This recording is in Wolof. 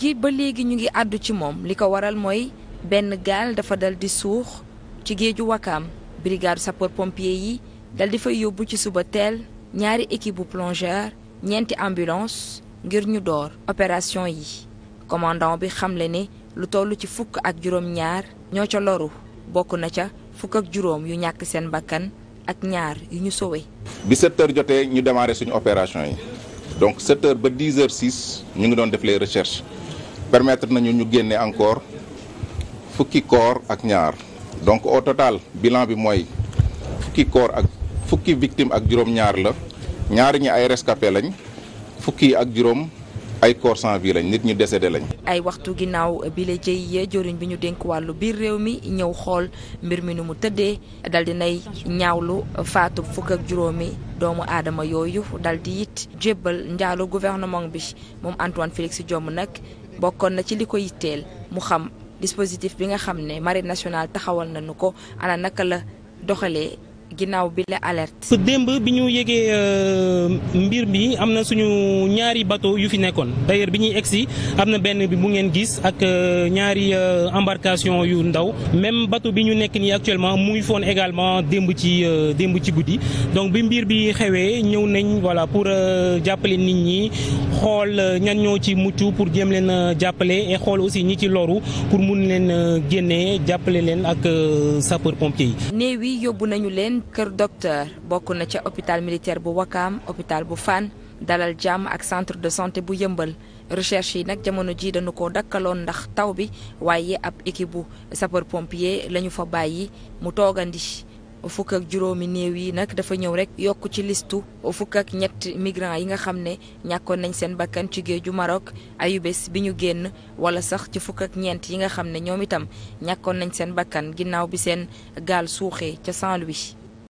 gi ba léegi ñu ngi àddu ci moom li ko waral mooy benn gaal dafa dal di suux ci géeju Wakaam brigade sapeur pompier yi dal di fay yóbbu ci suba teel ñaari équipe bu plongeur ñeenti ambulance ngir ñu door opération yi commandant bi xamle ne lu toll ci fukk ak juróom ñaar ñoo ca loru bokk na ca fukk ak juróom yu ñàkk seen bakkan ak ñaar yu ñu sowe bi 7 heures jotee ñu demare suñu opération yi donc 7 heures ba 10 heures 6 ñu ngi doon def les permettre nañu ñu génne encore fukki koor ak ñaar donc au total bilan bi mooy fukki koor ak fukki victime ak juróom ñaar la ñaari ñi ay rescapé lañ fukki ak juróom ay corps sans vie nit ñu décédé lañ. ay waxtu ginnaaw bi la jëy joriñ bi ñu dénk wàllu biir réew mi ñëw xool mbir mi nu mu tëddee dal dinay ñaawlu faatu fukk ak juróomi doomu aadama yooyu dal di it jébbal njaalu gouvernement bi moom Antoine Félix Diome nag bokkoon na ci li ko yitteel mu xam dispositif bi nga xam ne marine nationale taxawal nañu ko ana naka la doxalee. ginnaaw bi la alerte. su démb bi ñu yëgee euh, mbir mi am na suñu ñaari bateau yu fi nekkoon d'ailleurs bi ñuy egsi am na benn bi mu ngeen gis ak euh, ñaari euh, embarcation yu ndaw même bateau bi ñu nekk nii actuellement muy ngi foon également démb ci démb ci guddi donc bi mbir bi xewee ñëw nañ voilà pour jàppale nit ñi xool ñan ñoo ci mucc pour jéem leen jàppale et xool aussi ñi ci loru pour mun leen génnee jàppale leen ak sapeur pompier yi. néew yóbbu nañu leen kër docteur bokk na ca hôpital militaire bu Wakaam hôpital bu fànn dalal jàmm ak centre de santé bu yëmbal recherche yi nag jamono ji danu ko dakkaloon ndax taw bi waaye ab équipe bu sapeur pompier lañu fa bàyyi mu toogandi fukk ak juróomi néew yi nag dafa ñëw rek yokk ci listu fukk ñett migrants yi nga xam ne ñàkkoon nañ seen bakkan ci géeju Maroc ayubés bi ñu génn wala sax ci fukk ak ñeent yi nga xam ne ñoom itam ñàkkoon nañ seen bakkan ginnaaw bi seen gaal suuxee ca Saint-Louis